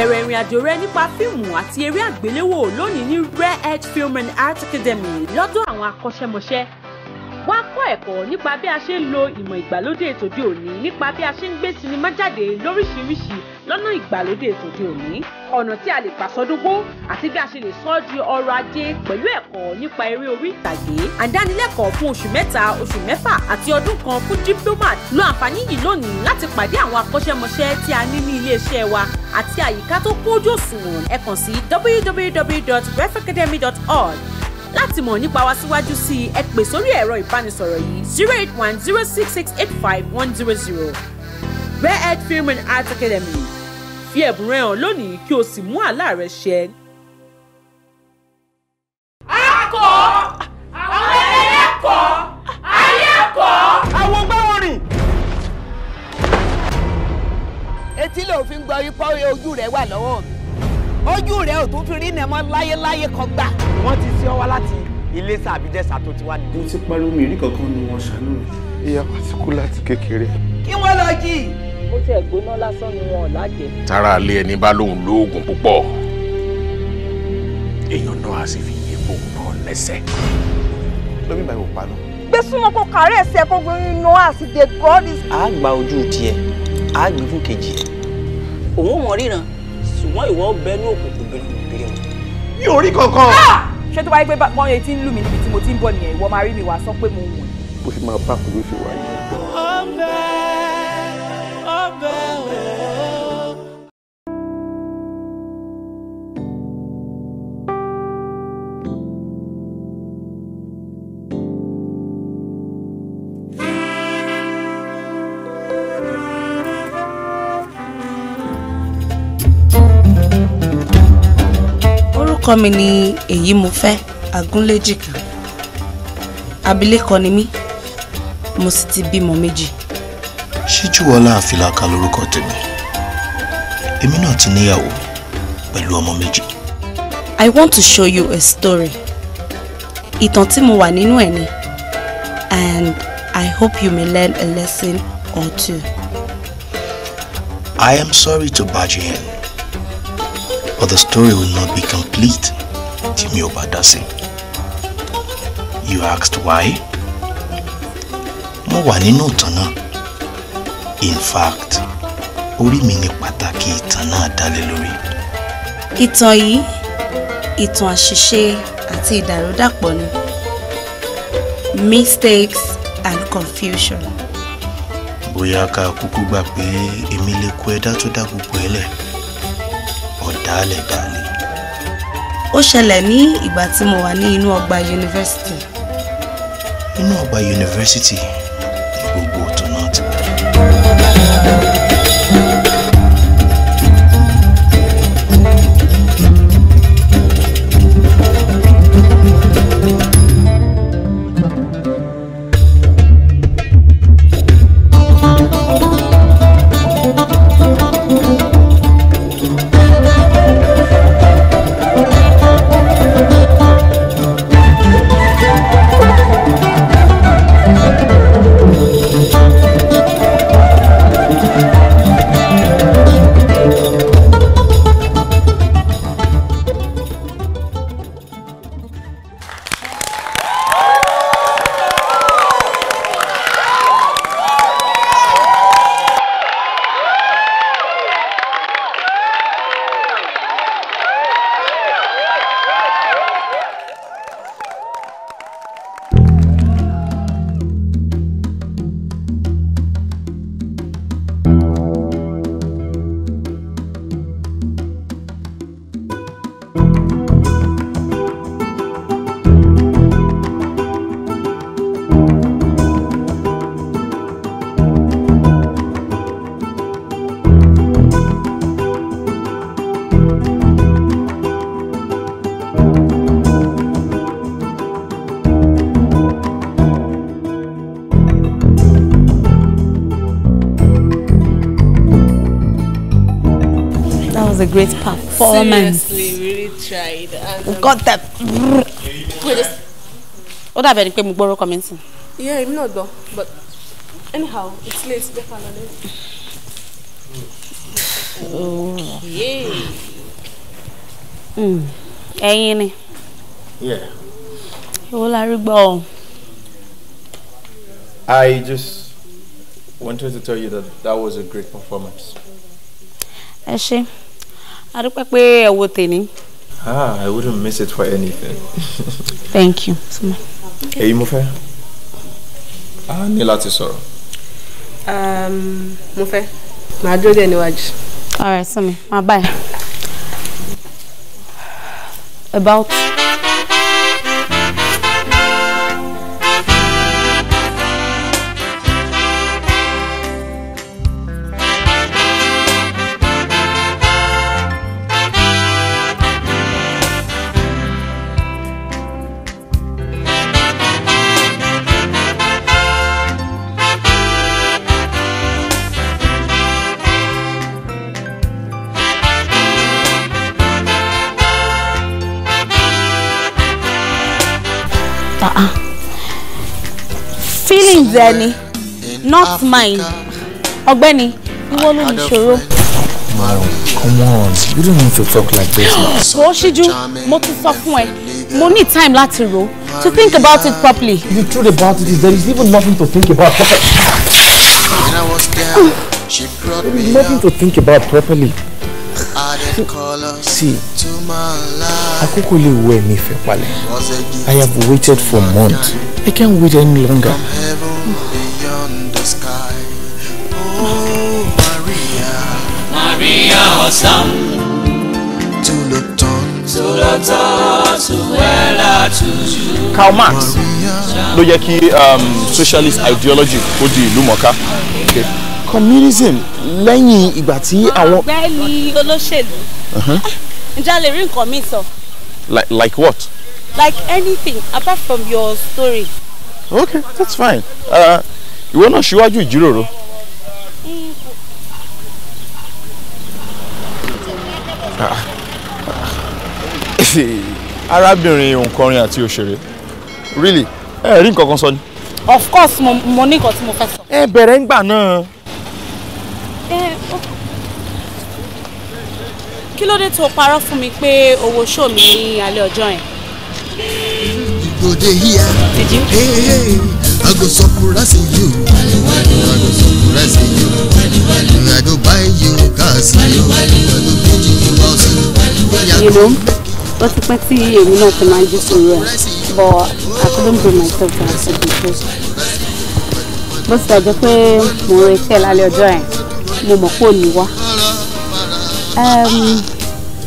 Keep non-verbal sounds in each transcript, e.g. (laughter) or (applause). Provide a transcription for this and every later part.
Bẹ̀rẹ̀ ìrìn àjò rẹ nípa fíìmù àti eré àgbéléwò lónìí ní Rare Edge Film and Art Academy lọ́dọ̀ àwọn akọ́ṣẹ́mọṣẹ́ Wá kọ́ ẹ̀kọ́ nípa bí a ṣe ń lo ìmọ̀ ìgbàlódé tòde òní nípa bí a ṣe ń gbé sinimá jáde lóríṣiríṣi lọ́nà ìgbàlódé tòde òní, ọ̀nà tí a lè gbà àti bí a ṣe lè sọ di ọrọ̀ ajé pẹ̀lú ẹ̀kọ́ nípa eré orí ìtàgé. Àdánilẹ́kọ̀ọ́ fún oṣù mẹ́ta, oṣù mẹ́fà àti ọdún kan fún Diplomat lo àǹfààní yìí lónìí láti pàdé àwọn akọ́ṣẹ́mọṣẹ́ tí a ní ní ilé wa àti àyíká tó kójú òṣùwọ̀n. Ẹ sí www.refacademy.org láti mọ̀ nípa wa síwájú sí i ẹ pè sórí ẹ̀rọ ìbánisọ̀rọ̀ yìí zero eight one zero six six eight five one zero zero Rare Earth Film and Art Academy fi ẹ̀bùn rẹ hàn lónìí kí o sì mú àlá rẹ ṣẹ. akọ àwọn ẹlẹ́kọ̀ọ́ ayẹ́kọ̀ọ́. àwọn gbẹ́wò etí lòun fi ń gbọ́ ipò ojú rẹ̀ wà lọ́wọ́ mi ojú rẹ ò tún fi rí nẹmọ láyéláyé kan gbà. wọ́n ti sí ọ wá láti ilé sàbíjẹsà tó ti wá ní. mo ti pariwo mi rí kankan nu wọn ṣàánú mi ìyá wa ti kú láti kékeré. kí wọ́n lọ jí. ó ti ẹ̀gbóná lásán ni wọn ò lájẹ. tara alẹ́ ẹni bá lóun lóògùn púpọ̀ èèyàn náà á sì fi yé bóun náà lẹ́sẹ̀. lómi báyìí ò pa lọ. gbé súnmọ́ kó kàárẹ̀ ẹsẹ̀ kó gbé iná àti the god is. a gba ojú tiẹ̀ a gbé fún kejì ẹ̀ òun ò mọ̀ ríran ṣùgbọ́n ìwọ bẹ ní òkùnkùn biribiri wọn. mi ò rí kankan. ṣé tó wáyé pé wọ́n yẹn ti ń lù mí níbi tí mo ti ń bọ̀ nìyẹn ìwọ máa rí mi wá sọ pé mo wọ̀n. bó ṣe máa bá kúrò ṣe wáyé. ọbẹ̀ ọbẹ̀ wẹ̀. orúkọ mi ni èyí mo fẹ́ agúnléjìká abilékọ ni mí mo sì ti bímọ méjì. ṣíjúwọlá àfìlàkà lorúkọ tèmi èmi náà ti níyàwó pẹ̀lú ọmọ méjì. I want to show you a story ìtàn tí mo wà nínú ẹ̀ ni and I hope you may learn a lesson or two. I am sorry to barge in or the story will not be complete tí Obadasi. You asked why? Mo wà nínú ìtàn náà. In fact, orí mi ni pàtàkì ìtàn náà dálé lórí. Ìtàn yìí, ìtàn àṣìṣe àti ìdàrúdàpọ̀ ni. Mistakes and confusion. Bóyá ká kúkú gbà pé èmi lè kó ẹ̀dá tó dá gbogbo ẹ̀ lẹ̀ ọ̀rọ̀ ìdálẹ̀ dálẹ̀. ó ṣẹlẹ̀ ní ìgbà tí mo wà ní inú ọgbà yunifásitì. inú ọgbà yunifásitì. great performance. Seriously, really tried. And, um, Got that. What dàbẹ̀ ni pé mo gbọ́rọ̀ kọ́mí sí. Yeah, èmi náà gbọ́, but anyhow, it's late, definitely. ká lọ lé. Ẹyin ni. Ìwọ la rí gbọ́ ọ. I just wanted to tell you that that was a great performance. Ẹ ṣé. a dúpẹ́ pé ẹ wo tèmi. ah i wouldn't miss it for anything. (laughs) thank you so much. èyí mo fẹ́ a ní láti sọ̀rọ̀. Um, mo fẹ́ màá dúró dé níwájú. all right sọmi máa báyìí. about. needs ẹni not mine ọ̀gbẹ́ni ìwọ ló ní ìṣòro. Maro, come on, you don't need to talk like this. (gasps) Wọ́n ṣíjú, mo ti sọ fún ẹ, mo need time láti rò to think about it properly. The truth about it is there is even nothing to think about properly. There is nothing to think about properly. See, Akoko lè wọ ẹ̀mí ìfẹ́ palẹ̀. I have waited for months. I can't wait any longer. Oh, Maria, Maria Osam. To the tons, to the tons, to Ella, to you. Karl Marx ló yẹ kí um, socialist ideology ó di ìlú mọ̀ká. Okay communism lẹ́yìn ìgbà tí àwọn. ọ̀gbẹ́ni olóṣèlú uh-huh. ǹjẹ́ a lè rí nǹkan mi sọ. like like what. like anything apart from your story. okay that's fine uh, ìwé náà ṣíwájú ìjíròrò. Ah, ah. arábìnrin òǹkọrin àti òṣèré really ẹ rí nǹkan kan sọ ni. of course mo ní nǹkan tí mo fẹ́ sọ. ẹ bẹ̀rẹ̀ ń gbà náà. kí ló dé tó parọ́ fún mi pé owó ṣò mí ní alẹ́ ọjọ́ yẹn. you go dey hear did you hey, hey, i go surprise you i go surprise you i go buy i go build know ó ti pẹ́ tí èmi náà ti máa ń jí sórí ẹ̀ but i couldn't bring myself to accept the truth bó ti dàjẹ́ pé mo retí ẹ̀ lálẹ́ ọjọ́ yẹn mo mọ̀ pé ò ní wá. Um,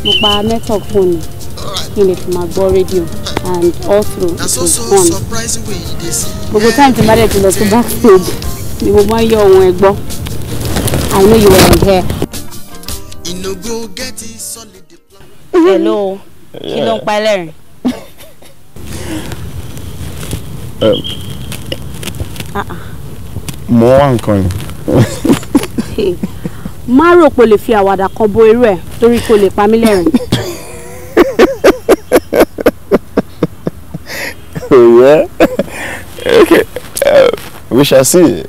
mo pa network phone mi lè fi máa gbọ́ rédíò and all through it was fun gbogbo time tí n bá dẹ̀ ti lọ sí backstage ni mo máa yọ ohun ẹ gbọ́ I know you were here. hello kí ló ń pa ẹlẹ́rìn. (laughs) Um, ah, ah. mo wá nǹkan ni. (laughs) má rò pé o lè fi àwàdà kan bo irú ẹ̀ torí kò lè pa mí lẹ́rìn. òye okay um, we shall see.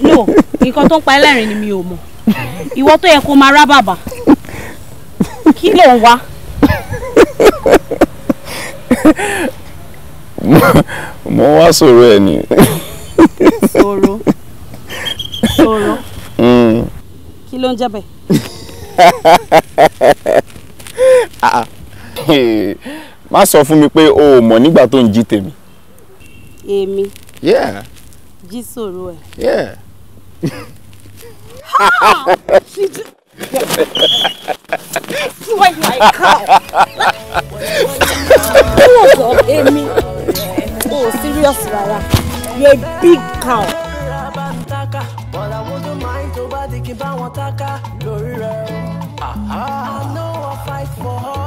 no nǹkan tó ń pa ẹlẹ́rìn ni mi ò mọ̀ ìwọ tó yẹ kó máa rá bàbà kí ló ń wá. mo wá sọ̀rọ̀ ẹ̀ ni. sọ̀rọ̀ sọ̀rọ̀ ló ń jẹ́ bẹ́ẹ̀. (laughs) Ah, ah. má sọ fún mi pé o ò mọ̀ nígbà tó ń jí tèmi. èmi. jí sòrò ẹ̀. She Amy. Oh, serious, Rara. I bá wọn táká lórí rẹ̀ o. I know I fight for her.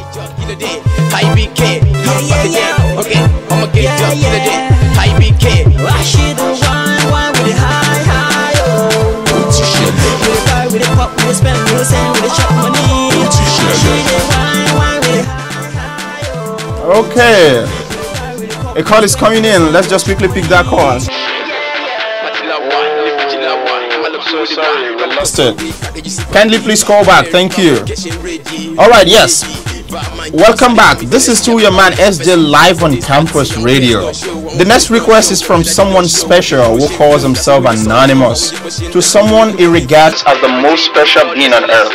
ìjọ kí ló dé ibk pàtẹ́jẹ́ ọ̀gẹ́ ọmọge ìjọ kí ló dé ibk. rasheed wine wine with the high high o. o ti shit. With dey fire, with dey pop with dey spend with dey send with dey chop money. o ti ṣẹlẹ̀. wine wine with the high high oh? o. okay. A call is coming in. Let's just quickly pick that call so sorry, we lost it. Kindly please call back. Thank you. All right, yes. Welcome back. This is to your man SJ live on campus radio. The next request is from someone special who calls himself anonymous to someone he regards as the most special being on earth.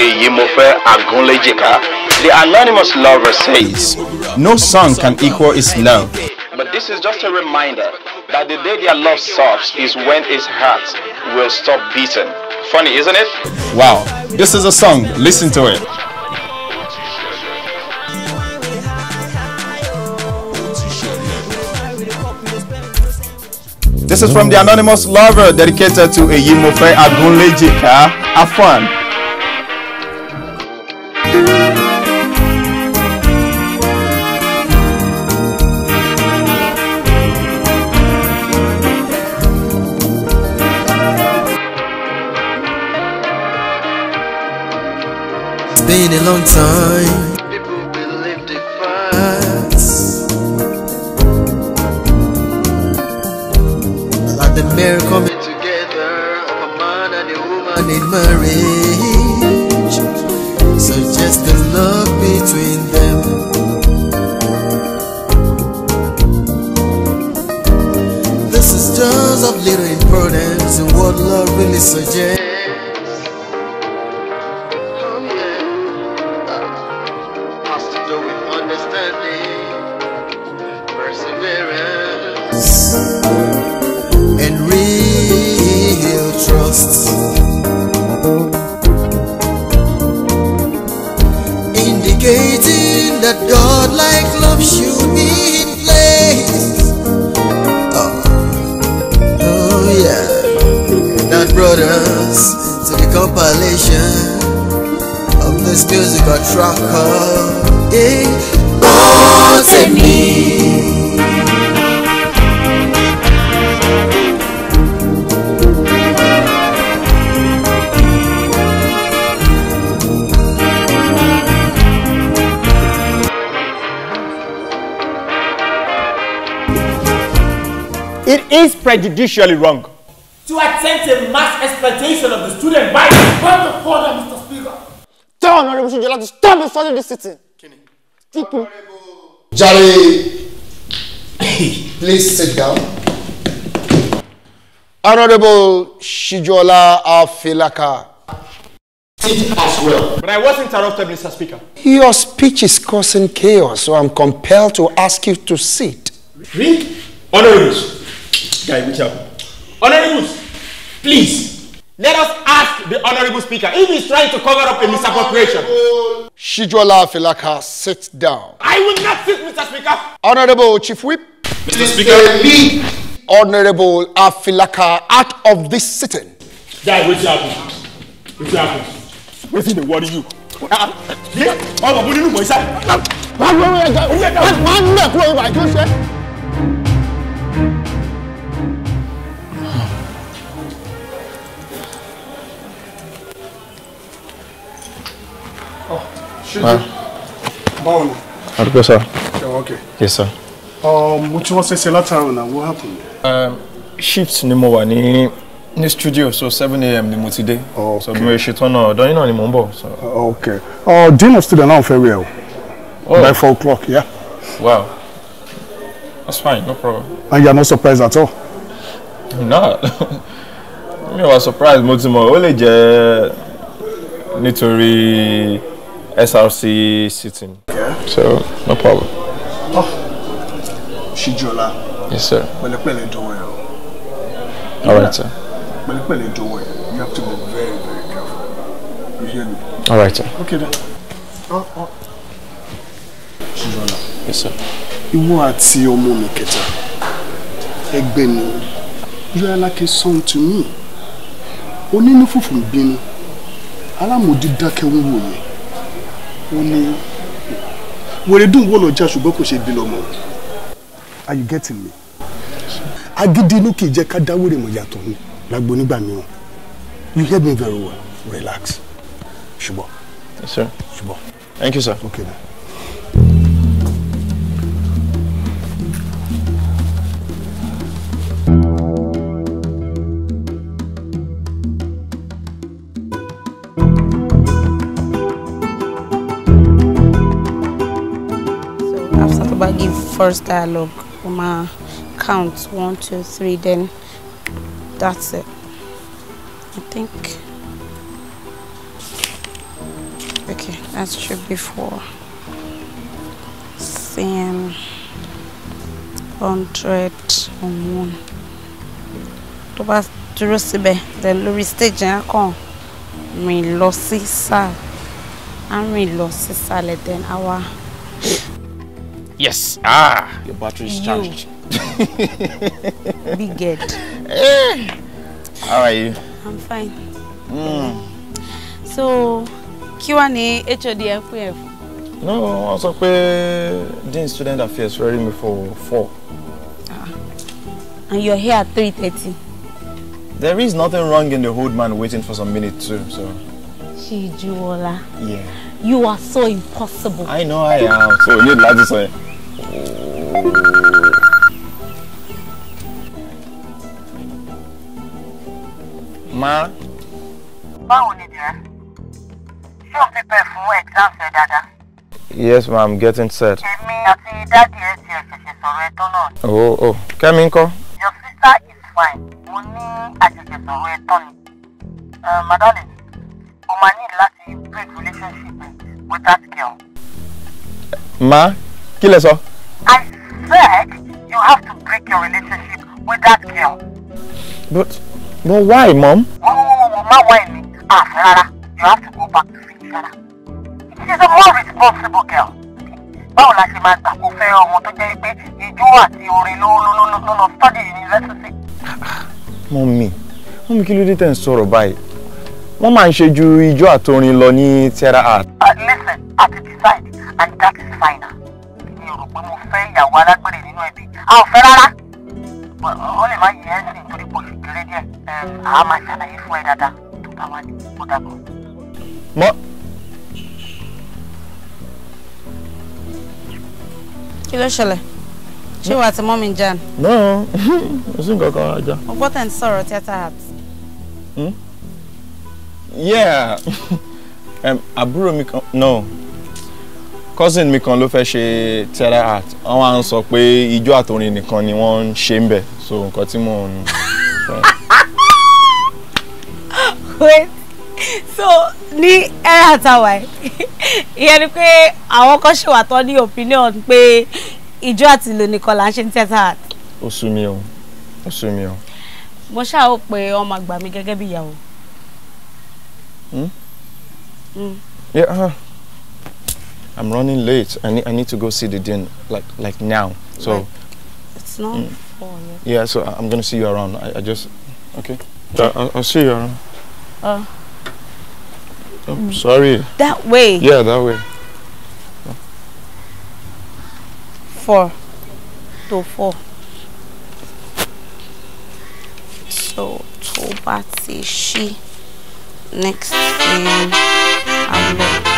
Agunlejika. The anonymous lover says, "No song can equal his love." But this is just a reminder that the day their love stops is when his heart will stop beating. Funny, isn't it? Wow. This is a song. Listen to it. This is from the anonymous lover dedicated to Eyimofe Agunlejika Afan. been a long time. People believe the facts. Like the marriage coming together of a man and a woman in marriage. So just the love between them. This is just of little importance in what love really suggests. this music a tracker. Yeah. Oh, me. It is prejudicially wrong. To attempt a mass exploitation of the student by the further Mr. Tell Honorable Shujola to stop insulting this sitting. Kenny. Honorable. Jare, please sit down. Honorable Shijola Afilaka. Sit as well. But I was interrupted, Mr. Speaker. Your speech is causing chaos, so I'm compelled to ask you to sit. Really? Honorables. Guy, which up. Honorables, please. Let us ask the honorable speaker if he is trying to cover up a misappropriation. Shijola Afilaka, sit down. I will not sit, Mr. Speaker. Honorable Chief Whip. Mr. Speaker, me, Honorable Afilaka out of this sitting. Guy, wait your happen. Wait your happen. Wetin dey worry you? Ọmọ why nínú mọ̀ iṣẹ́. Wọ́n Why lọ rẹ̀ gan-an. Why á lọ rẹ̀ gan-an. báwo ni. sir. Okay. yes sir. Um, mo tí says ṣẹ̀ṣẹ̀ látàrọ̀ náà what happened. Um, shifts. ni mo wà ní ní studio so seven a.m. ni mo ti dé. so bí mo ṣe tán náà ọ̀dọ́ yín náà ni mò So bọ̀. ok uh, dean of student náà fẹ́ rí ẹ oh. by four o'clock yeah. wow that's fine no problem. and you are not surprised at all. i'm not (laughs) mi wa surprise mo ti mọ̀ ó lè jẹ́ nítorí. SRC sitting. Yeah. So, no problem. Oh. Shijola. Yes, sir. All right, sir. You have to be very, very careful. You hear me? All right, sir. Okay then. Oh, oh. Shijola. Yes, sir. want to see your kẹta. Keta. Egbeni. You are like a son to me. Onínú fùfù ń bínú. Alámòdí dákẹ́ ń wò yẹn ó wèrè dùn wò lọ́jà ṣùgbọ́n kò ṣe bí lọ́mọ. are you getting me? agídí inú kì í jẹ́ ká dáwèrè mọ̀ yàtọ̀ ni lágbo nígbà mìíràn you hear me very well relax ṣùgbọ́n. sir ṣùgbọ́n. thank you sir. okay then. first dialogue Uma ma count one two three then that's it I think okay that should be four same hundred on one tó bá dúró síbẹ̀ then Louis stage I come. Me lọ sí sáà á rìn lọ sí sàlẹ̀ then our. Yes. Ah, your battery is charged. Big head. (laughs) Eh. How are you? I'm fine. Mm. So, Q&A, HOD ẹ pé ẹ fún? No, wọ́n sọ Dean Student Affairs ready me for four. Ah. And you're here at three thirty. There is nothing wrong in the old man waiting for some minutes too, so. Chijuola. Yeah. You are so impossible. I know I am. So you need to say. Ma. Báwo ni dear? Ṣé o prepare fún exam rẹ dáadáa? Yes ma, I'm getting set. Èmi àti dáàdi ẹ ti ẹ̀ṣẹ̀ṣẹ̀ sọ̀rọ̀ ẹ̀tọ́ náà. Oh oh, Kẹ́mi ńkọ́? Your sister is fine. Mo ní àjèjì sọ̀rọ̀ ẹ̀tọ́ ni. Uh, Madame, o máa ní láti break relationship with that girl. Ma kí lẹ sọ. I said you have to break your relationship with that girl. But but why mom. wọ́n má wá ẹ̀mí Ah, rárá you have to go back to see Finchara. she is a more responsible girl. báwo la ṣe máa gbà kó fẹ́ ọmọ tó jẹ́ pé ijó àti orin ló ló ló ló lọ study university. mọ́mí mọ́mí kí ló dé tẹ̀ ń sọ̀rọ̀ báyìí wọ́n máa ń ṣe ju ijó àtorin lọ ní Terra Art. Uh, listen àti decide and that is final ìyàwó alágbèrè nínú ẹbí a ò fẹ́ rárá ó lè má yẹ ẹ́ sìn torí kò sì kéré díẹ̀ àá máa ṣàlàyé fún ẹ dáadáa tó bá wà ní kó dàbọ̀. mọ. kí ló ṣẹlẹ̀ ṣé wàá ti mọ́ mi jan. náà o sì ń kankan ajá. mo gbọ́ tẹ̀ ń sọ̀rọ̀ theatre art. Hmm? yeah (laughs) àbúrò mi kan no cousin mi kan ló fẹ́ ṣe theatre art wọ́n wá ń sọ pé ijó àtòrin nìkan ni wọ́n ń ṣe ń bẹ̀ so nǹkan tí mò ń fẹ́. wait so ní era tawa? ìyẹn ni pé àwọn kan ṣe wà tán ní opinion pé ijó àti ìlò nìkan là ń ṣe ń theatre art. ó mi o ó mi o. mo ṣáà ó pe ọmọ àgbà mi gẹ́gẹ́ bí ìyàwó. Mm. Yeah, uh -huh. I'm running late. I need, I need to go see the dean like like now. So like, it's not mm, four yet. Yeah, so I'm gonna see you around. I, I just okay. So I'll, I'll, see you around. Uh, am oh, mm. sorry. That way. Yeah, that way. Four to four. So to Batsy she next thing I'm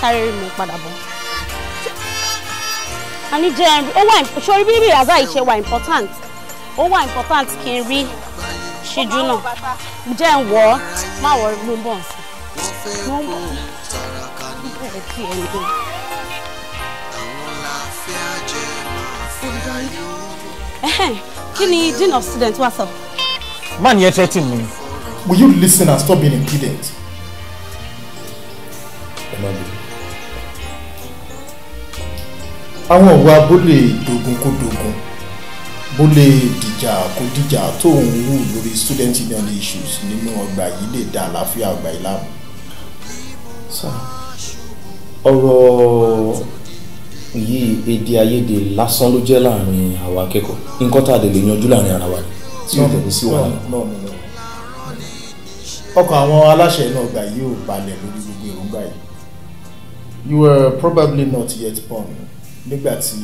sáré rí mi padà bọ̀. a ní jẹ́ ó wà sórí bí rìhásà yìí ṣe wà important ó wà important kí n rí ṣíjú náà jẹ́ ń wọ́ má wọ́ ló ń bọ̀ sí i ló ń bọ̀ bẹ̀rẹ̀ tí ẹ̀ ń gbé. kí dean of students, wá sọ. man yẹn threaten me. will you listen and stop being impudent. ẹ àwọn ìwà bó lè dogun kó dogun bó lè dìjà kó dìjà tó ń wù lórí student union issues nínú ọgbà yìí lè dá àlàáfíà ọgbà yìí láàmú. ọ̀rọ̀ yìí èdè àìyedè lásán ló jẹ́ láàrin àwọn akẹ́kọ̀ọ́ nǹkan tá a lè lè yanjú láàrin ara wa ni tí ó tẹ̀lé sí wàhálà. ọkàn àwọn aláṣẹ náà gbà yóò balẹ̀ lórí gbogbo èròǹgbà yìí. You were probably not yet born nígbà tí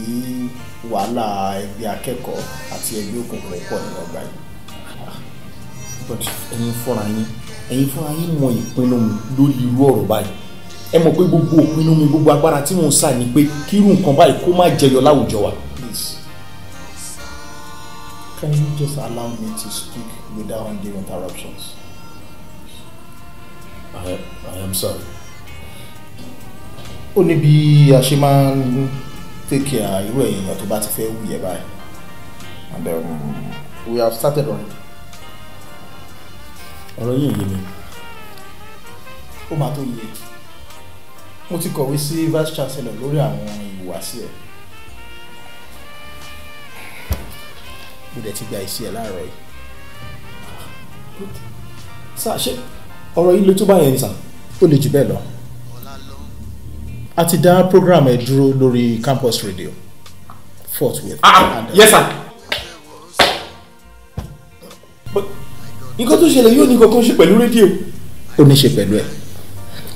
wàhálà ẹgbẹ́ akẹ́kọ̀ọ́ àti ẹgbẹ́ òkùnkùn pọ̀ nínú ọgbà yìí. ẹ̀yin fúnra yín ẹ̀yin fúnra yín mọ ìpinnu mi lórí irú ọ̀rọ̀ báyìí ẹ mọ̀ pé gbogbo ìpinnu mi gbogbo agbára tí mò ń sà ni pé kírú nǹkan báyìí kó má jẹyọ láwùjọ wa. please can you just allow me to speak without any interruptions. I, I am sorry. ó ní bí a ṣe máa ń take care irú ẹ̀yìn èèyàn tó bá ti fẹ́ wù yẹ báyìí and um, we have started on. ọ̀rọ̀ yìí yé mi. ó máa tó yé mo ti kọ̀wé sí vice chancellor lórí àwọn ìhùwàsí ẹ̀ mo dẹ̀ ti gba ìsí ẹ̀ láàárọ̀ yìí. sá ṣe ọ̀rọ̀ yìí ló tó báyẹn ni sá ó le jù bẹ́ẹ̀ lọ a ti dá program ẹ dúró lórí campus radio forthwith. Ah, ah and, uh, yes sir. nǹkan tó ṣẹlẹ̀ yóò ní kankan ṣe pẹ̀lú rédíò. ó ní ṣe pẹ̀lú ẹ̀.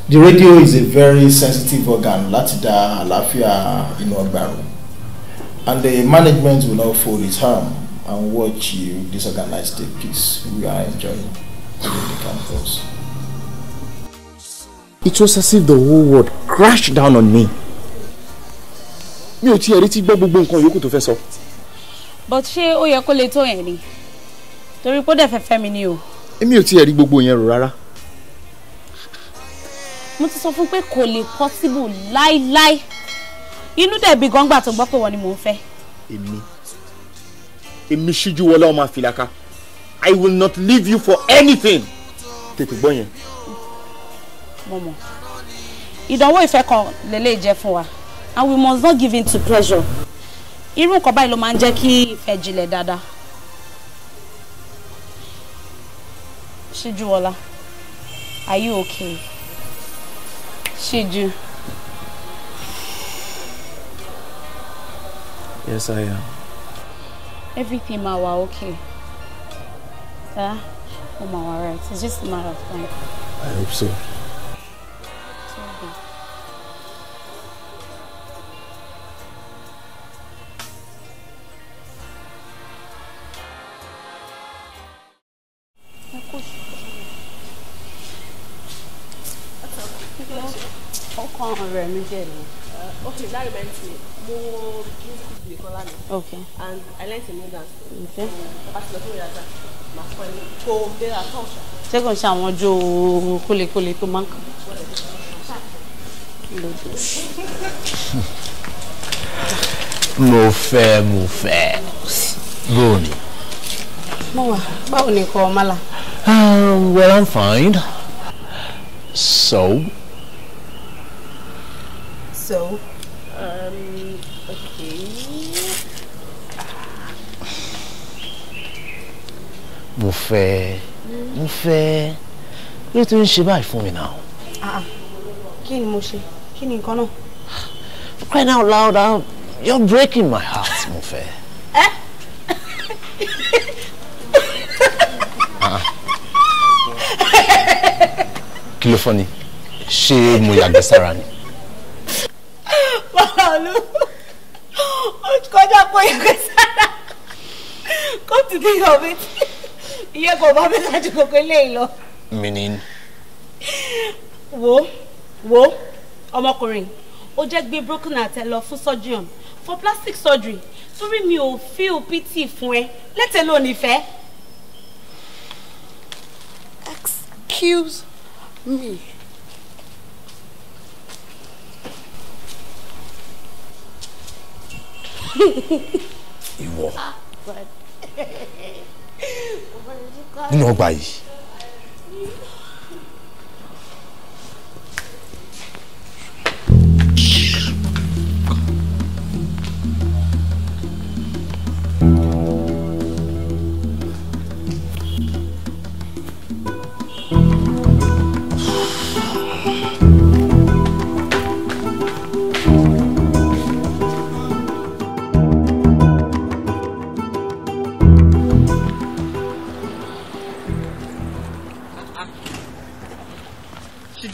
the radio is a very sensitive organ láti dá àlàáfíà inú ọgbà rò and the management will not fold its arm and watch you disorganize the peace we are enjoying within the campus. It was as if the whole world Crash down on me. mi ò tiẹ̀ retí gbọ́ gbogbo nǹkan yòókù tó fẹ́ sọ. but ṣé ó yẹ kó lè tó yẹn ni torí kó dẹ̀ fẹ́ fẹ́ mi ni o. èmi ò tiẹ̀ rí gbogbo yẹn rò rárá. mo ti sọ fún pé kò lè possible láíláí inú dẹ̀ bí gọ́ngbà tó gbọ́ pé wọ́n ni mò ń fẹ́. èmi èmi ṣíjú wọlé ọmọ àfìlàkà I will not leave you for anything tètè gbọ́ yẹn. mo mọ̀ ìdánwò ìfẹ́ kan lélẹ́yìí jẹ́ fún wa and we must not give in to pressure irú nǹkan báyìí ló máa ń jẹ́ kí ìfẹ́ jinlẹ̀ dáadáa. Shijuola, are you okay? Shiju. Yes, I am. Everything ma wa okay. Ah, uh, ma wa right. It's just a matter of time. I hope so. ọ̀rẹ́ mi jẹ́ ni. okay that reminds me mo ní school bìí kan lánàá. okay and I learnt a new dance. okay pàṣẹ lọ́kùnrin yàtọ̀ màá fọ ẹni kó bẹ́ẹ̀ àtọ̀ṣà. ṣé ṣe àwọn ọjọ́ kólekóle tó máa ń kàn. mo fẹ́ mo fẹ́ bóò mo wà báwo ni kò ọmọ la. Um, well I'm fine so so. Um, okay. Mo fẹ́, mo fẹ́, kí tó ń ṣe báyìí fún mi náà? Ah, ah, kí ni mo ṣe? Kí ni nǹkan náà? Crying out loud, I'm, ah. you're breaking my heart, mo fẹ́. Eh? Ah, kí ló fọ́ ni? Ṣé mo yàgbẹ́ sára ni? kọjá pé ìyàgbé sára come to think of it iye kò bá bẹ́ẹ̀ ju gbogbo eléyìí lọ. meaning. wo wo ọmọkùnrin ó jẹ́ gbé broken heart ẹ lọ fún surgeon for plastic surgery torí mi ò feel pity fún ẹ lẹ́tẹ̀ẹ́ ló nífẹ̀ẹ́. excuse me. ìwọ ah, nínú ọgbà yìí.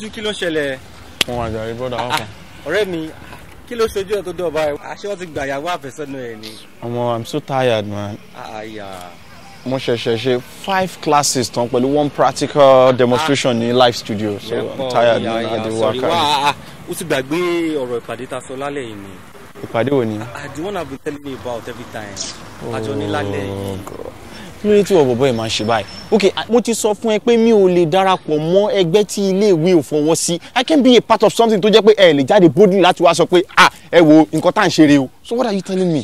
lójú kí ló ṣẹlẹ̀. wọn àjàre bọ́dà wà ah, ah, ọ̀rẹ́ mi kí ló ṣojú ẹ̀ tó dọ̀ba ẹ̀ àṣé ti gbà yàwó àfẹ́sọ́nà ẹ̀ ni. ọmọ i'm so tired man. àyà. Ah, mo ṣẹ̀ṣẹ̀ ṣe five classes tán pẹ̀lú one practical demonstration ní live studio so i'm tired man i dey work hard. o ti gbàgbé ọ̀rọ̀ ìpàdé ta sọ lálẹ́ yìí ni. ìpàdé wo ni. the one i've been telling you about every time. àjọ ní lálẹ́ yìí. Oh, responsibility wọ bọ̀bọ̀ yìí máa ń ṣe báyìí ok mo ti sọ fún ẹ pé mi ò lè darapọ̀ mọ́ ẹgbẹ́ tí iléèwé ò fọwọ́ sí i can be a part of something tó jẹ́ pé ẹ lè jáde boldly láti wá sọ pé ah ẹ wo nǹkan tá à ń ṣe rèé o so what are you telling me.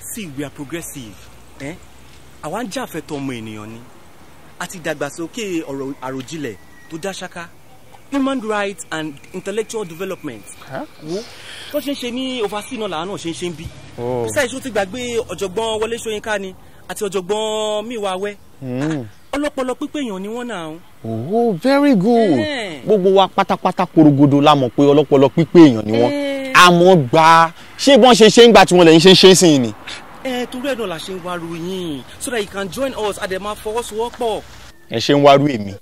see we are progressive eh? àwa ń jà fẹ́tọ̀ ọmọ ènìyàn ni àti ìdàgbàsókè ọ̀rọ̀ àròjinlẹ̀ tó dá ṣáká human rights and intellectual development wo tó ṣe ń ṣe ní overseas náà làwọn náà ṣe ń ṣe ń bí. bísí oh. àìsàn ti gbàgbé ọ̀jọ̀gbọ́n Wọlé Ṣóyínká ni àti ọ̀jọ̀gbọ́n miwa wẹ́ hmm. ọlọ́pọlọ pípé èèyàn ni wọ́n náà. oh very good eh. gbogbo wa pátápátá porogodo la mọ̀ pé ọlọ́pọlọ pípé èèyàn ni wọ́n eh. àmọ́ gbà ṣé bọ́n ṣe ṣe ń gbà tí wọ́n lè ń ṣe ń ṣe sí i ni. ẹ eh, torí ẹ̀ náà la ṣe ń wá ròyìn so that you can join us àdèmà fọwọ́sowọ́pọ̀. ẹ ṣe ń wá rú èmi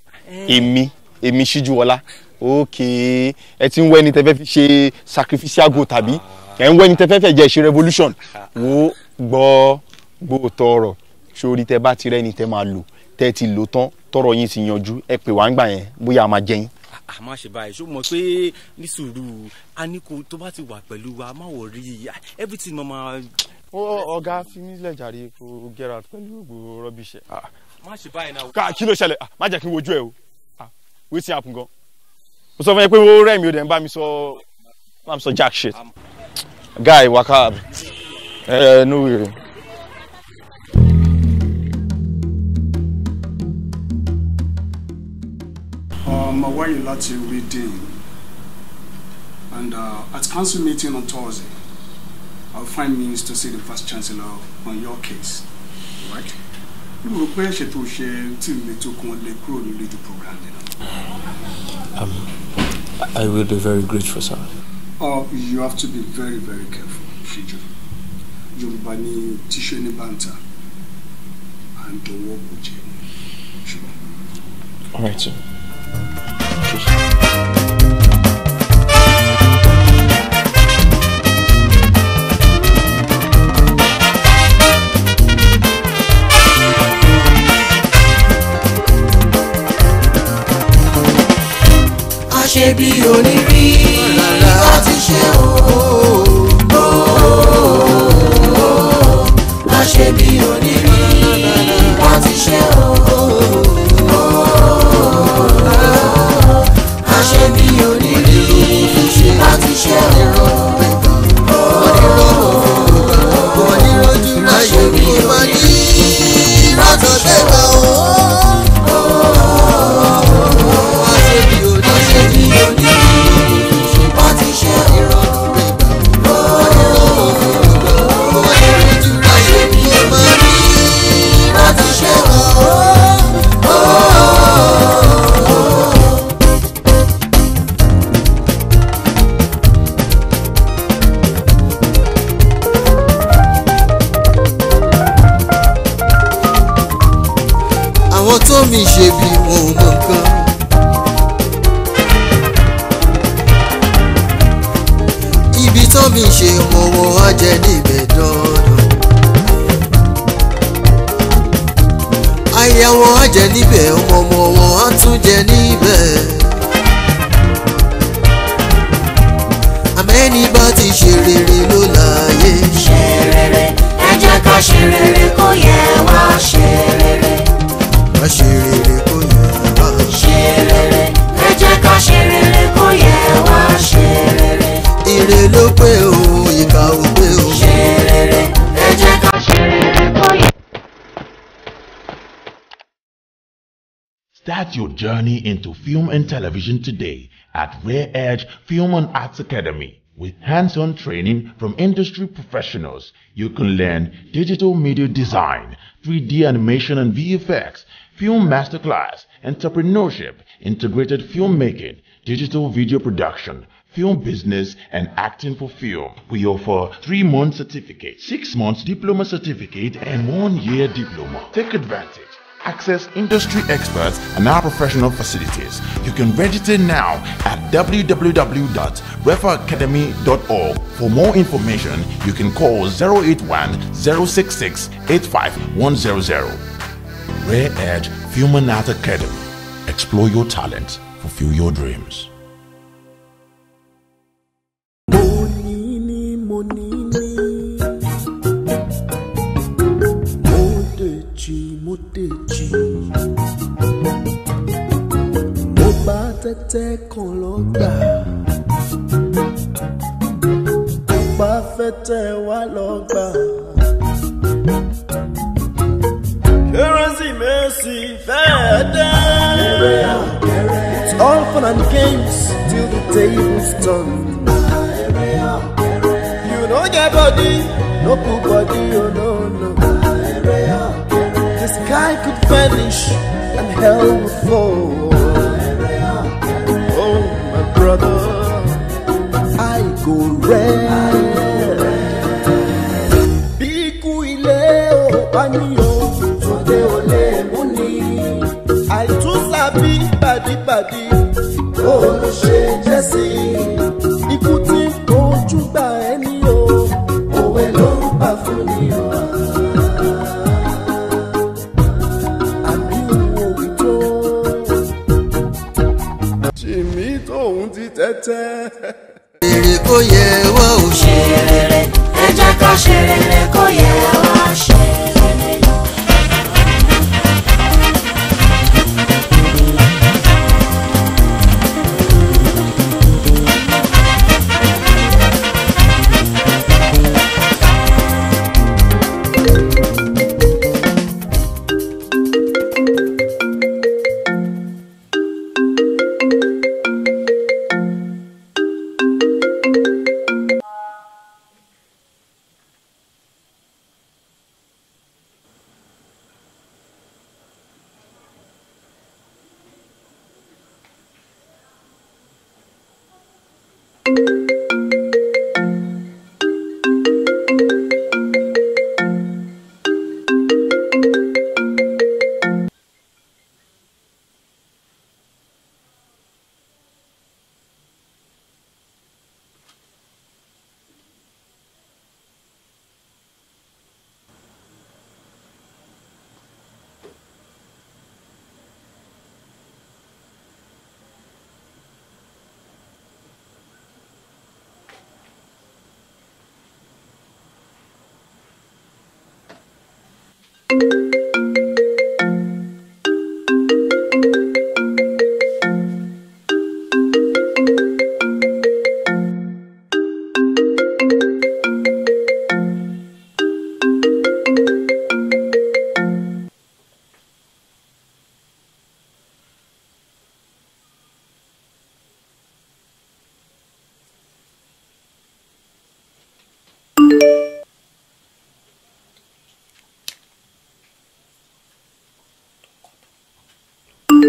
èmi èmi Ṣíjúọlá okay ẹ ti ń wẹ́ ni tẹ́fẹ́ fi ṣe sacrificial goat tàbí ẹ ń wẹ́ ni tẹ́fẹ́ fẹ́ jẹ́ ṣe revolution wo gbọ́ gbóòtọ ọ̀rọ̀ sórí tẹ bá ti rẹ́ni tẹ máa lò tẹ ti lò tán tọrọ yín ti yanjú ẹ pè wá ń gbà yẹn bóyá a máa jẹ yín. a máa ṣe báyìí ṣó mọ̀ pé ní sùúrù a tó bá ti wà pẹ̀lú wa má wọ̀ rí everything mọ̀ máa. ó ọ̀gá fi mí lẹ̀ jàre kó get pẹ̀lú gbogbo rọ́bìṣẹ́. má ṣe báyìí náà. ká kí ló ṣẹlẹ̀ má jẹ́ kí n wojú ẹ o wetin happen gan. mo sọ fún yẹn pé ó rẹ̀ mi ò dẹ̀ ń bá mi sọ jack shit. guy waka ẹ eh, ẹ no way. ọmọ um, wẹ́yìn láti redeem and uh, at council meeting on Thursday I'll find means to see the first chancellor on your case right You mo rò pé ẹ̀ṣẹ̀ tó ṣe tí mi tó kún lè kúrò nílé ju program yẹn náà. Um, I will be very grateful, sir. Oh, you have to be very, very careful, Shiju. You ní be ní bàǹtà à ń dọwọ́ bò jẹ́ ṣùgbọ́n. All right, sir. ṣe bí onírí ó ti ṣe ooo a ṣe bí onírí ó ti ṣe ooo. show. Start your journey into film and television today at Rare Edge Film and Arts Academy. With hands-on training from industry professionals, you can learn digital media design, 3D animation and VFX, film masterclass, entrepreneurship, integrated filmmaking, digital video production, film business, and acting for film. We offer three-month certificate, six months diploma certificate, and one-year diploma. Take advantage access industry experts and our professional facilities. You can register now at www.refaacademy.org. For more information, you can call 081 066 85100. Rare Edge Human Art Academy. Explore your talents, fulfill your dreams. Money, money. tẹ́tẹ́ kan lọ gbà. wá lọ gbà. dé. It's all fun and games till the tables turn. You no get body, no cool body, oh no no. The sky could vanish and hell would fall. kò rẹ́. bí ikú ilé ò bá níyàn òde ò lè mú ni. àìtúnṣàbí pàdípàdí ó ló ṣe jẹ́ sí i. ikú tí ojú gbà ẹni o òwe ló ń pa fún ni tẹ́tẹ́. yeah.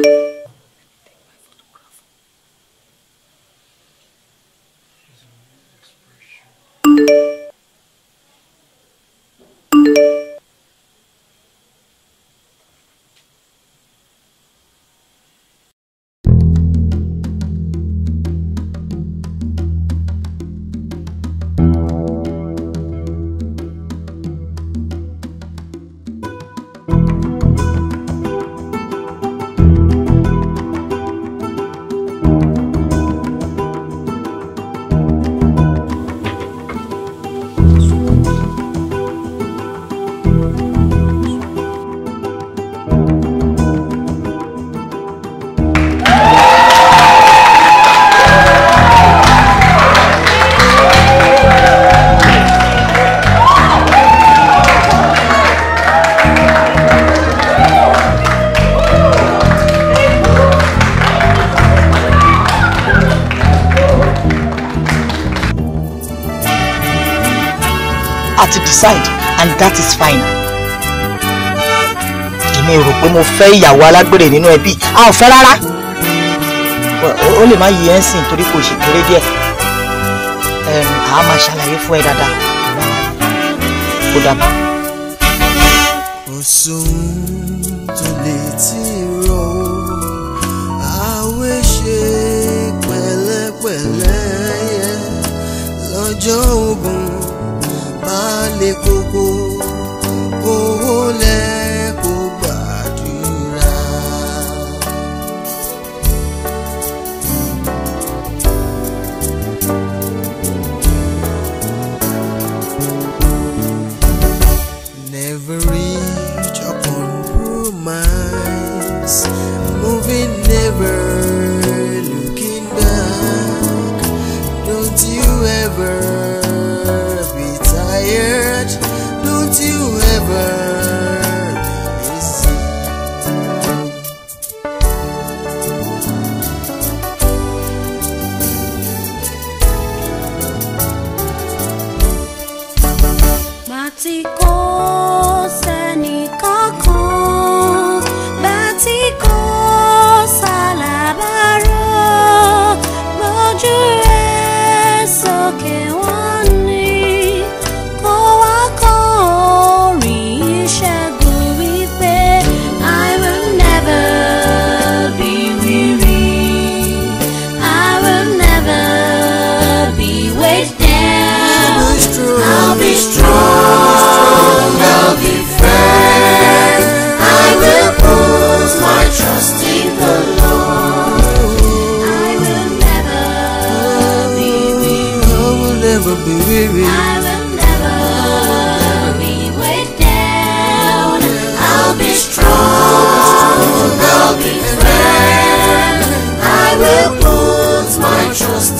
Thank you. decide and that is fine. èmi rò pé mo fẹ́ ìyàwó alágbèrè nínú ẹbí a ò fẹ́ rárá. ó lè má yí ẹ́ sìn torí kò ṣe kéré díẹ̀ àá máa ṣàlàyé fún ẹ dáadáa kó dàbọ̀. over trust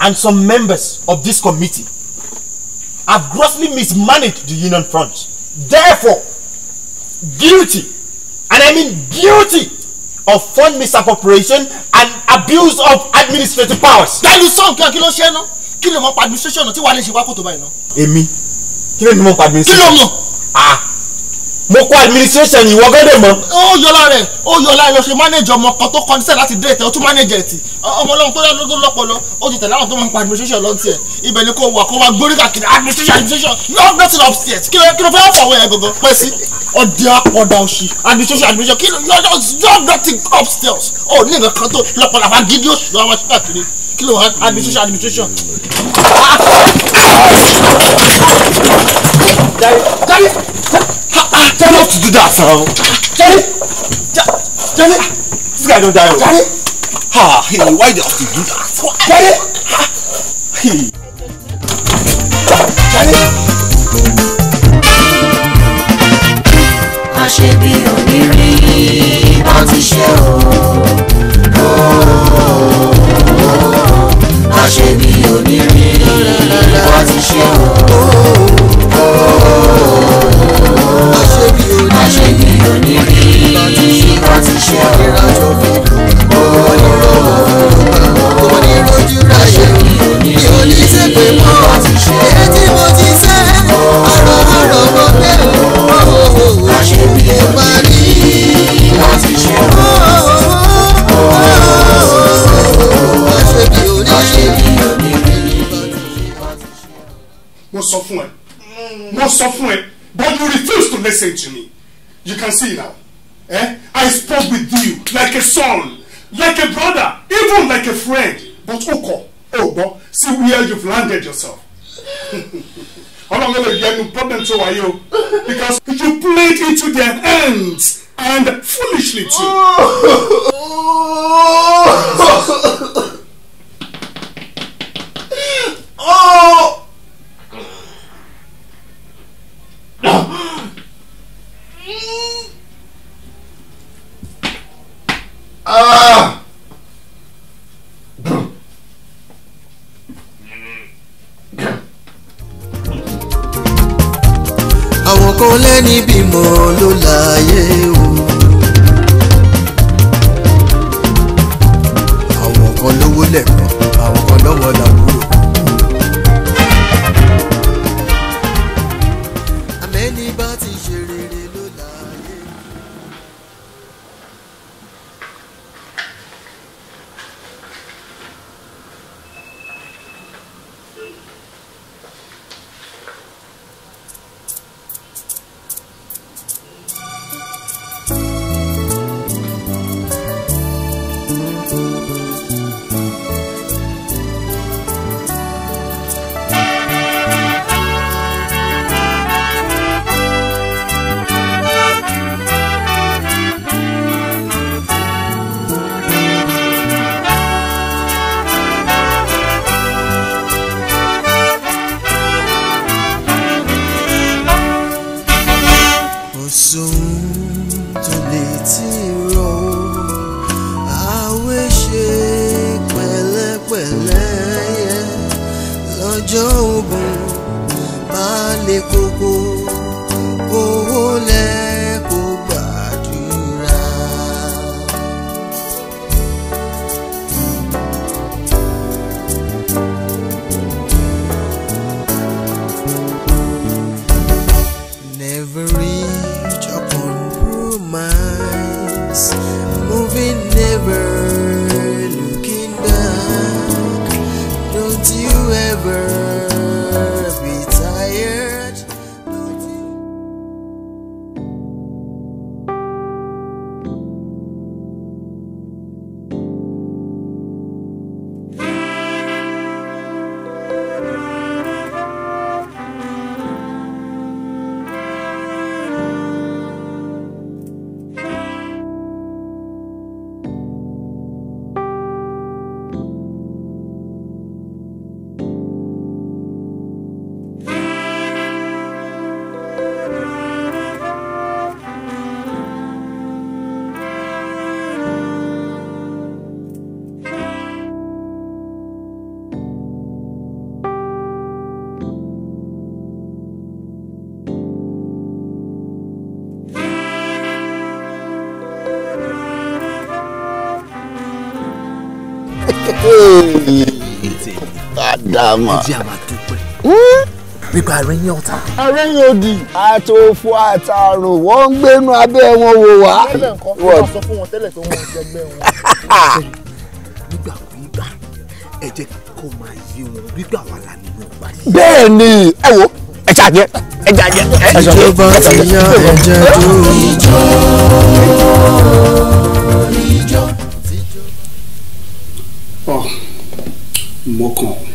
and some members of this committee have grossly mismanaged the Union Front. Therefore, guilty, and I mean guilty, of fund misappropriation and abuse of administrative powers. dájú sọ nǹkan ṣe ná kí ló mọ̀ pa administration tí wàá lè ṣe wá kó tó báyìí ná. èmi kí ló ní pa administration. kí ló mọ̀. ah mo kọ administration ìwọ gẹ́gẹ́ mọ. ó yọlá rẹ ó yọlá rẹ ṣe mánéjì ọmọ kan tó kọ́ni sẹ́ láti dé ìtẹ́ ó tún mánéjì ẹ̀ tì ọmọ ọlọ́run tó lọ́dún tó lọ́pọ̀lọ́ ó ti tẹ̀lé àwọn tó máa ń administration lọ́n tiẹ̀ ibẹ̀ ni kò wà kó wá gbórí kàkiri administration administration no nothing upstairs kí ló kí ló fẹ́ fọwọ́ ẹ̀ gangan pẹ́ sí ọdẹ ọ̀dà òṣì administration administration kí ló no nothing upstairs ó ní nǹkan kan tó lọ́pọ̀lọ́ àwọn gidi òṣì lọ́wọ́ kàkiri kí administration administration not to do that now. Jerry! Jerry! This guy don die o. Oh. Jerry! Ha! Hey, why do you have to do that? Why? Jerry! Ha! Hey. Jerry! Àṣebí onírí wọ́n ti ṣe o. Àṣebí onírí Oh, oh, oh, oh lórí mo sọ fún ẹ mo sọ fún ẹ. message to me. You can see now. Eh? I spoke with you like a son, like a brother, even like a friend. But Oko, oh, boy, see where you've landed yourself. How long are you get put problem to are you? Because you played into their hands and foolishly too. Oh! (laughs) dáa mọ̀. ẹ jẹ́ àmà dúpẹ́. pípa ààrẹ yín ọ̀tá. ààrẹ yín òdì àtòfò àtàrò wọ́n ń gbénu abẹ́ wọn wò wá. tẹ́lẹ̀ nǹkan fún wọn sọ fún wọn tẹ́lẹ̀ tó wọn jẹgbẹ́ wọn. nígbàkúgbà ẹ jẹ́ kó máa yé wọn gbígbà wà lánàá ní ìgbà bẹ́ẹ̀ ni ẹ wo ẹ jà jẹ ẹ jà jẹ ìjọba ti yan ẹ̀jẹ̀ tó. ìjọ ìjọ. ọ mọkàn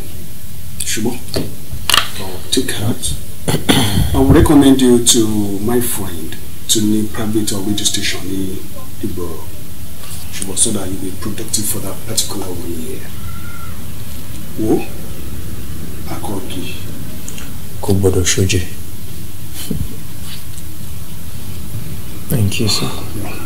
ṣùgbọ́n oh. take heart I would recommend you to my friend to ní private or radio station ní ṣùgbọ́n so that you be productive for that particular one year wo akọ́gi. kò gbọ́dọ̀ ṣoje. Thank you, sir. Ah, yeah.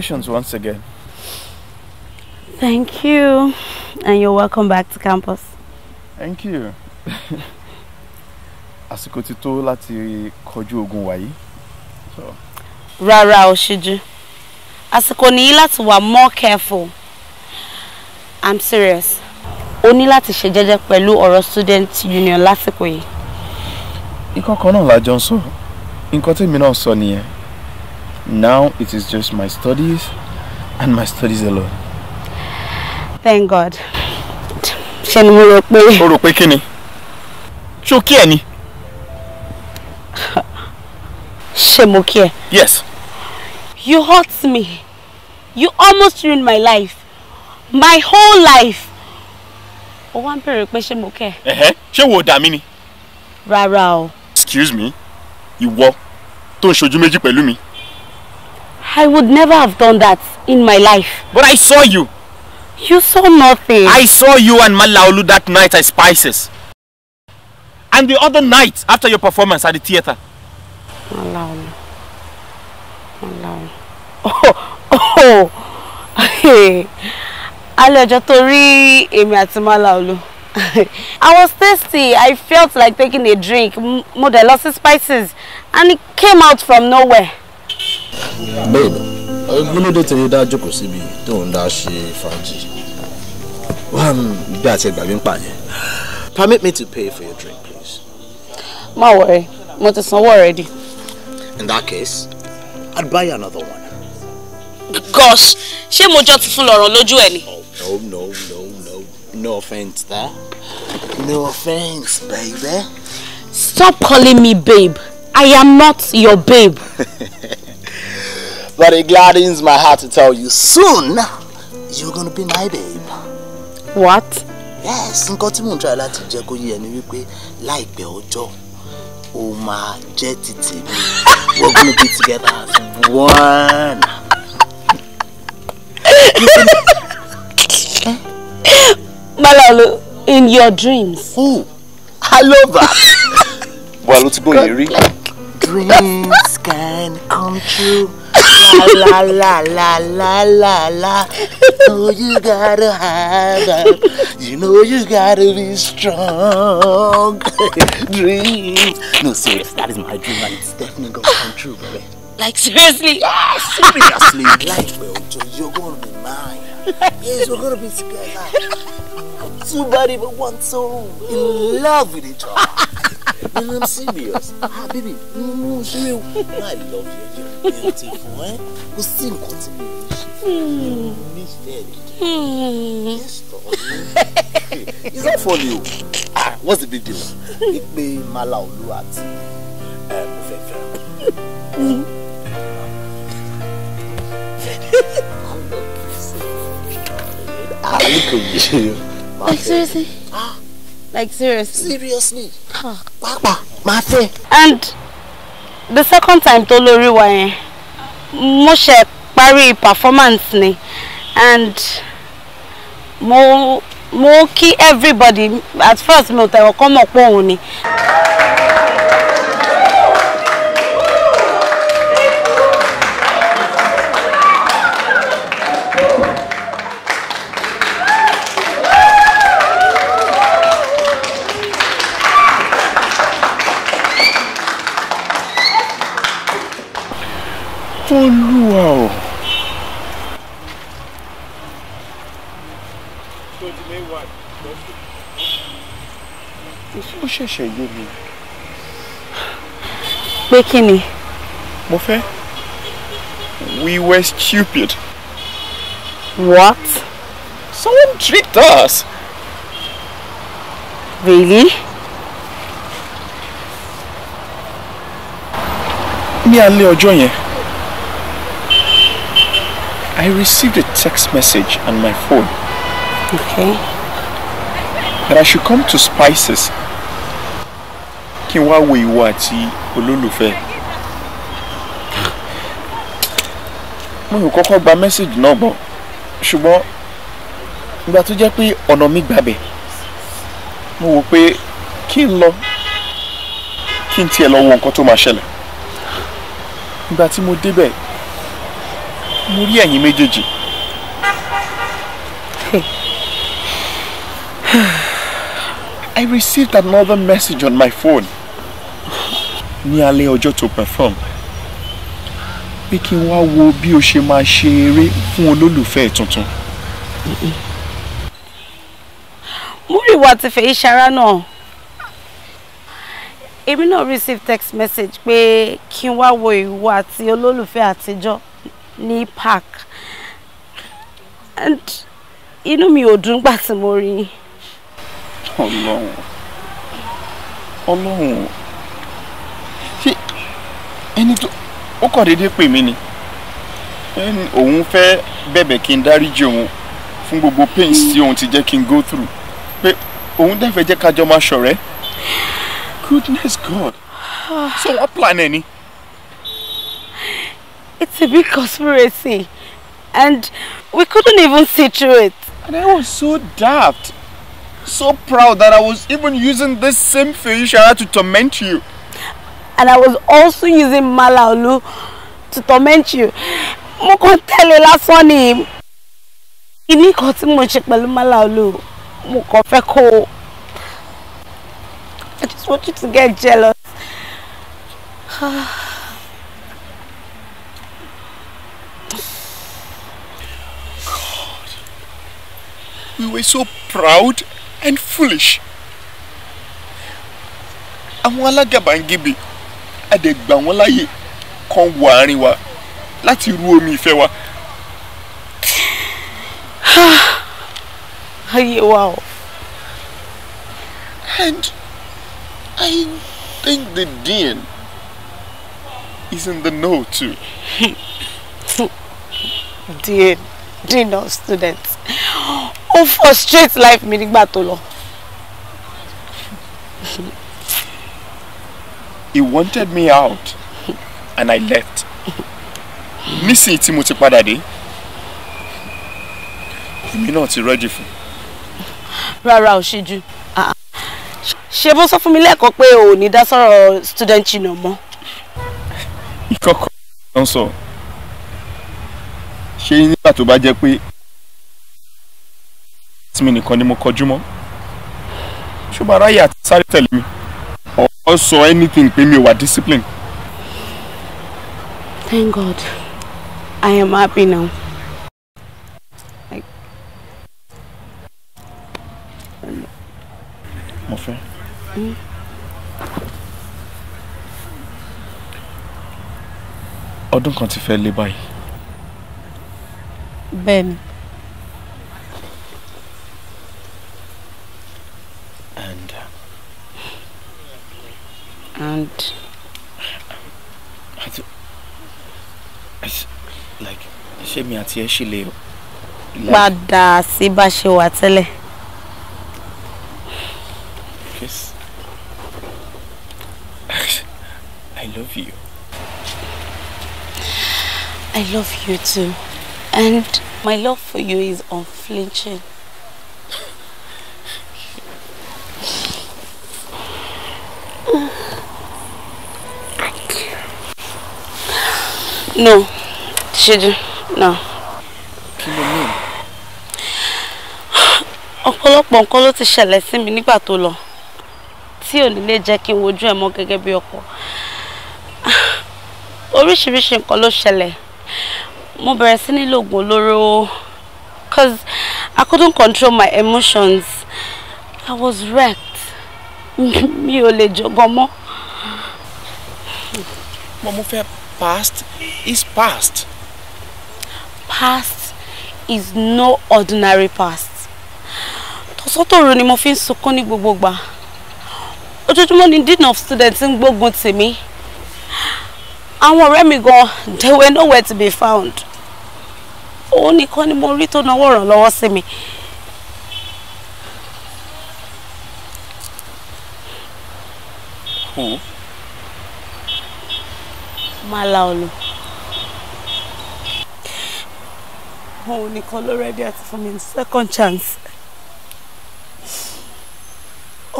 Congratulations once again. Thank you. And you're welcome back to campus. Thank you. Asiko (laughs) ti tó láti kọjú ogun wa yìí. So. Rárá o Ṣíjú. Àsìkò nìyí láti more careful. I'm serious. O ní láti ṣe jẹ́jẹ́ pẹ̀lú ọ̀rọ̀ student union lásìkò yìí. Ikọ̀ kan la jọ ń sọ. Nǹkan tèmi náà sọ Now it is just my studies and my studies alone. Thank God. Ṣé ni mo rò pé. O rò pé kí ni? Ṣé o kí ẹ ni? Ṣé mo kí ẹ? Yes. You hurt me. You almost ruined my life. My whole life. O wá ń bèrè pé ṣé mo kẹ́ ẹ. Ṣé wo dà mí ni? Rárá o. Excuse me, ìwọ tó ń ṣojú méjì pẹ̀lú mi. I would never have done that in my life. But I saw you. You saw nothing. I saw you and Malaulu that night at Spices. And the other night after your performance at the theater. Malaulu. Malaulu. Oh, oh. Hey. Alejo Emi àti Malaulu. (laughs) I was thirsty. I felt like taking a drink. Mo Spices. And it came out from nowhere. babe gbólódé tẹ̀lé dá jókòó síbi tó ń dá ṣe fàájì wàá bí àti ẹgbàgbé ń pààyàn permit me to pay for your drink please. má worry mo ti sanwó already. in that case i'd buy you another one. gosh ṣé mo jọ ti fún lọ́rọ̀ lójú ẹ̀ ni. no no no no no offence there no offence baby. stop calling me babe i am not your babe. (laughs) but it gladdens my heart to tell you soon you're gonna be my babe. What? Yes, nǹkan tí mò ń try láti jẹ́ kó yé ẹni wípé láìpẹ́ ọjọ́ o máa jẹ́ ti tèmi. We're gonna be together as one. Malalu, in your dreams. Oh, I love that. Wà ló ti gbóyè rí. Dreams can come true. la la la la la la. Oh, you gotta have that. You know you gotta be strong. (laughs) dream. No, seriously, that is my dream, and it's definitely gonna come true, baby. Like seriously? Yes. seriously. like, well, you're gonna be mine. Yes, we're gonna be together. Two body but one soul. In love with each other. and I'm serious. Ah, baby. Mm, I love you. ti fún ẹ kó sí nǹkan tí mo lè ṣe nífẹ̀ẹ́ rẹ̀ is that for you? ah what's the big deal ipe mala olúwa àti mo fẹ́ fẹ́ ah look at like seriously. Ah. like seriously. seriously. Huh. papa ma fẹ́. and the second time tó lórí wa yẹn mo ṣe parí performance ni and mo mo kí everybody at first mi ò tẹ̀wọ̀ kọ́ mọ̀ pé òun ni. olúwa o. ó ṣẹ̀ṣẹ̀ yé mi. pé kí ni. mo fẹ́ we were stupid. what. someone tricked us. really. ní alẹ́ ọjọ́ yẹn. I received a text message on my phone. Okay. That I should come to Spices. Kí n wá wo ìwọ àti olólùfẹ́. Mo yóò kọ́kọ́ gba mẹ́sàgì náà bọ̀ ṣùgbọ́n ìgbà tó jẹ́ pé ọ̀nà mi gbàbẹ̀ mo wò pé kí n lọ kí n tiẹ̀ lọ wo nǹkan tó máa ṣẹlẹ̀. Ìgbà tí mo débẹ̀ mo rí ẹ̀yin méjèèjì. (sighs) I received another message on my phone ní alẹ́ ọjọ́ tó perform pé kí n wá wo bí o ṣe máa ṣe eré fún olólùfẹ́ tuntun. múrìwá ti fẹ́ ìṣara náà èmi náà receive text message pé kí n wá wo ìwọ àti olólùfẹ́ àtijọ́ ní park and inú mi ò dùn gbà tí mo rí i. ọlọ́run ọlọ́run ṣé ẹni tó ó kàn déédéé pè mí ni òun fẹ́ bẹ̀bẹ̀ kí n dáríjì òun fún gbogbo pains tí òun ti jẹ́ kí n go through pé òun dẹ́fẹ̀ẹ́ jẹ́ kájọ máa ṣọ̀rẹ́ goodness god so wọ́n plan ẹ̀ ni. It's a big conspiracy. And we couldn't even see through it. And I was so daft. So proud that I was even using this same Feishara to torment you. And I was also using Malaulu to torment you. Mo kàn tẹ̀lé lásán ni. Kíní kan tí mo ṣe pẹ̀lú Malaulu, I just want you to get jealous. (sighs) Ah. we were so proud and foolish. àwọn alágàbàǹgebè àdẹ̀gbà wọn láàyè kan wọ àárín wa láti ru omi ìfẹ́ wa. (sighs) ayé wa o. and I think the dean is in the know too. dean dean of students (gasps) ó frustrate life mi nígbà tó lọ. he wanted me out and i left nísìnyí tí mo ti padà dé èmi náà ti ready fún. rárá ò ṣíjú ṣe bó sọ fún mi lẹ́ẹ̀kan pé o ò ní dá sọ̀rọ̀ student union mọ́. ìkọ̀kọ̀ ló ń sọ ṣé nígbà tó bá jẹ́ pé tí mi nìkan ni mo kọjú mọ́ ṣùgbọ́n aráyè àti sáré tẹ̀lé mi ọ̀ sọ anything pé mi ò wà discipline. Thank God I am happy now. Mo fẹ́. Hmm? Ọdún kan ti fẹ́ lé báyìí. Bẹ́ẹ̀ni. and I, like ṣé mi àti ẹ ṣì lè o. padà sí bá ṣe wà tẹ́lẹ̀. yes i love you. i love you too and my love for you is unflinching. No, Ṣẹ́jú, no. Kí ló mean? Ọ̀pọ̀lọpọ̀ nǹkan ló ti ṣẹlẹ̀ sí mi nígbà tó lọ tí ò ní lè jẹ́ kí n wojú ẹ̀ mọ́ gẹ́gẹ́ bí ọkọ. Oríṣiríṣi nǹkan ló ṣẹlẹ̀. Mo bẹ̀rẹ̀ sí nílò oògùn olóró cause I couldn't control my emotions. I was wrecked. (laughs) Mi ò lè jọ̀gbọ́n mọ́. Mo mo fẹ́ past is past. Past is no ordinary past. Tọ̀sọ́tòrò ni mo fi ń sunkún ní gbogbo gbà. Ojoojúmọ́ ni dean of students ń gbógun tèmi. Àwọn ọ̀rẹ́ mi gan, they were nowhere to be found. Òun nìkan ni mo rí tó náwó ìrànlọ́wọ́ sí mi. Who? mala ọ̀nà òun nìkan ló rẹ́dí àti fún mi second chance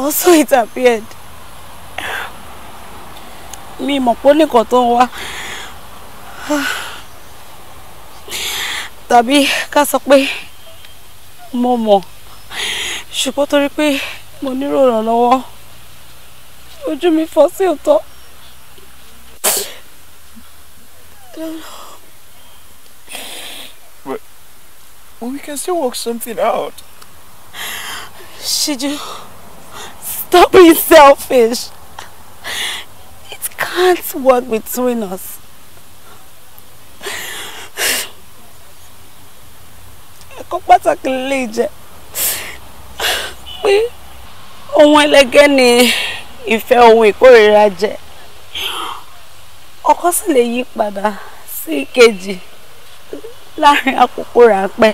also it appeared mi mọ̀ pé nìkan tó ń wá tàbí ká sọ pé mo mọ̀ ṣùgbọ́n torí pé mo nílò ìrànlọ́wọ́ ojú mi fọ́ sí òótọ́. going home. But, well, we can still work something out. Should you stop being selfish? It can't work between us. ẹ̀kọ́ pàtàkì lè jẹ́ pé ohun ẹlẹgẹ́ ni ìfẹ́ ọkọ sì lè yí padà sí ìkejì láàrin àkókò ráńpẹ́.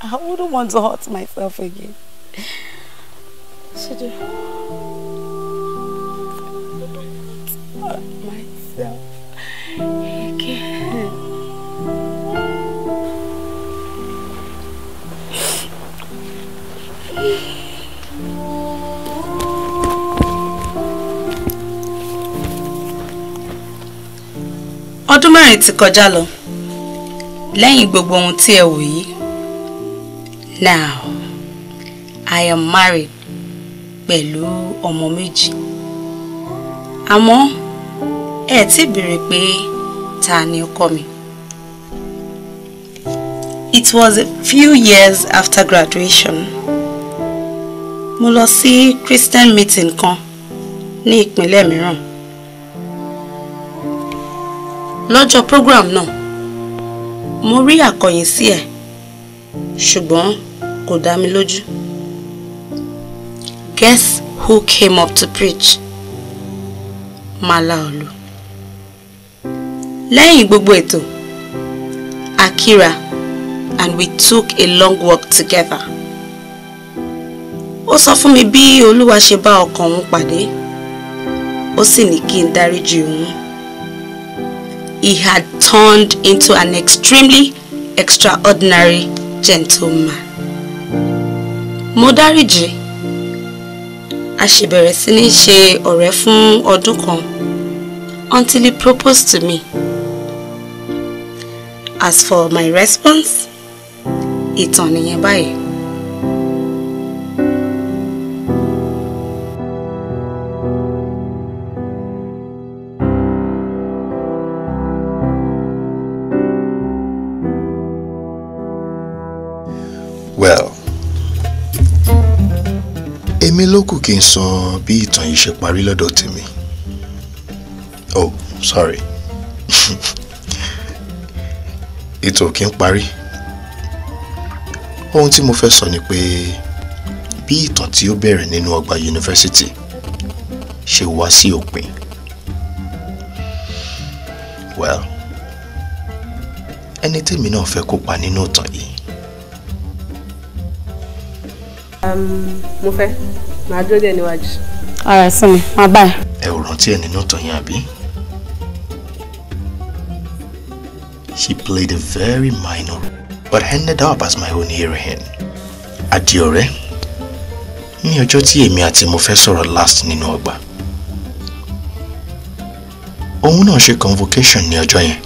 I wouldn't want to hurt myself again. Should you? márùn ti kọjá lọ lẹ́yìn gbogbo ohun tí ẹ wò yìí now I am married pẹ̀lú ọmọ méjì àmọ́ ẹ ti béèrè pé ta ni ọkọ mi. It was a few years after graduation mo lọ sí Christian meeting kan ní ìpínlẹ̀ mìíràn lọ́jọ́ program náà mo rí àkọyìn sí ẹ̀ ṣùgbọ́n kò dá mi lójú. Guess who came up to preach? Malaolu. Lẹ́yìn gbogbo ètò, Akira and we took a long walk together. Ó sọ fún mi bí Olúwa ṣe bá ọkàn òun pàdé, ó sì ní kí n dáríjì òun he had turned into an extremely extraordinary gentleman. mo dáríjì a ṣì bẹ̀rẹ̀ sí ní ṣe ọ̀rẹ́ fún ọdún kan until he proposed to me. As for my response, ìtàn nìyẹn báyìí. ló kù kí n sọ bí ìtàn yìí ṣe parí lọ́dọ̀ tèmi oh sorry ètò kì í parí ohun tí mo fẹ́ sọ ni pé bí ìtàn tí ó bẹ̀rẹ̀ nínú ọgbà yunifásitì ṣe wá sí òpin well ẹni tèmi náà fẹ́ kópa nínú ìtàn yìí. Um, mo fẹ́ màá dúró dé níwájú. ara ẹ̀ sún mi máa báyìí. ẹ ò rántí ẹ nínú tàn àbí. She played a very minor but ended up as my own heroine. Adéọ̀rẹ́ ní ọjọ́ tí èmi àti mo fẹ́ sọ̀rọ̀ last nínú ọgbà òun náà ṣe convocation ní ọjọ́ yẹn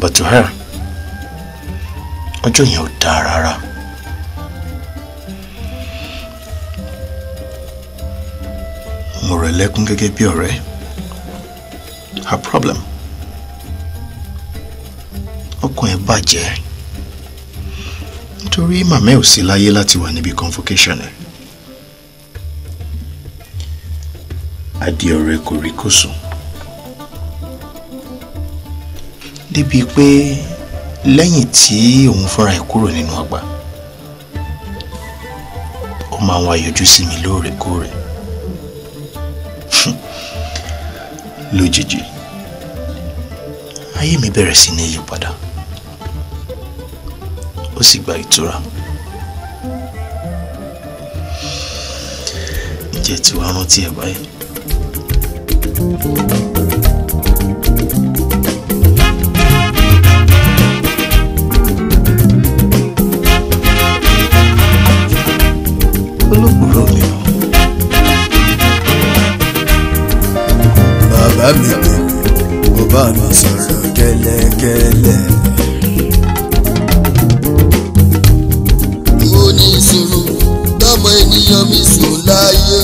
but to her ọjọ́ yẹn ò dáa rárá. ọ̀rọ̀ ẹlẹ́kún gẹ́gẹ́ bí ọ̀rẹ́ her problem ọkàn ẹ̀ bàjẹ́ nítorí màmá ẹ̀ ò sí láyé láti wà níbi convocation ẹ̀ adìẹ ọ̀rẹ́ kò rí kó sùn débi pé lẹ́yìn tí òun fúnra ẹ̀ kúrò nínú ọgbà ó máa ń wá yọjú sí mi lóòrèkóòrè. lójijì ayé mi bẹ̀rẹ̀ sí ní yípadà ó sì gba ìtura ǹjẹ́ tí wàá rántí ẹ̀ báyìí. bá mi bẹ̀ kó bá mi sọ̀rọ̀ kẹ́lẹ́kẹ́lẹ́. ó ní ìṣòro tọmọ ènìyàn mi sùn láyé.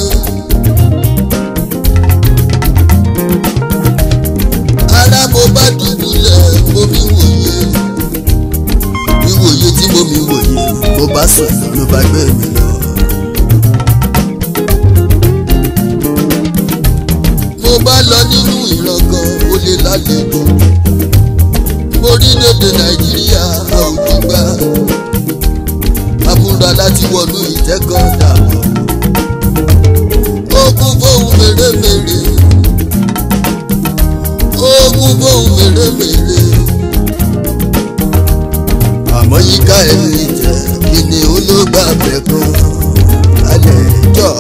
ara mo bá dùbúlẹ̀ mo mi wòye wíwòye tí mo mi wòye mo bá sọ̀rọ̀ ló bá gbé lọ. bá lọ nínú ìrọ̀gàn ó lè lálejò orílẹ̀-èdè nàìjíríà àwùjọ gbà àbúrò láti wọnú ìtẹ́kọ̀ọ́ dàbọ̀ ogun fóun mèremère ogun fóun mèremère àmọ́ yíká ẹni tẹ̀ kí ni olóògbà bẹ̀ kan alẹ́ jọ.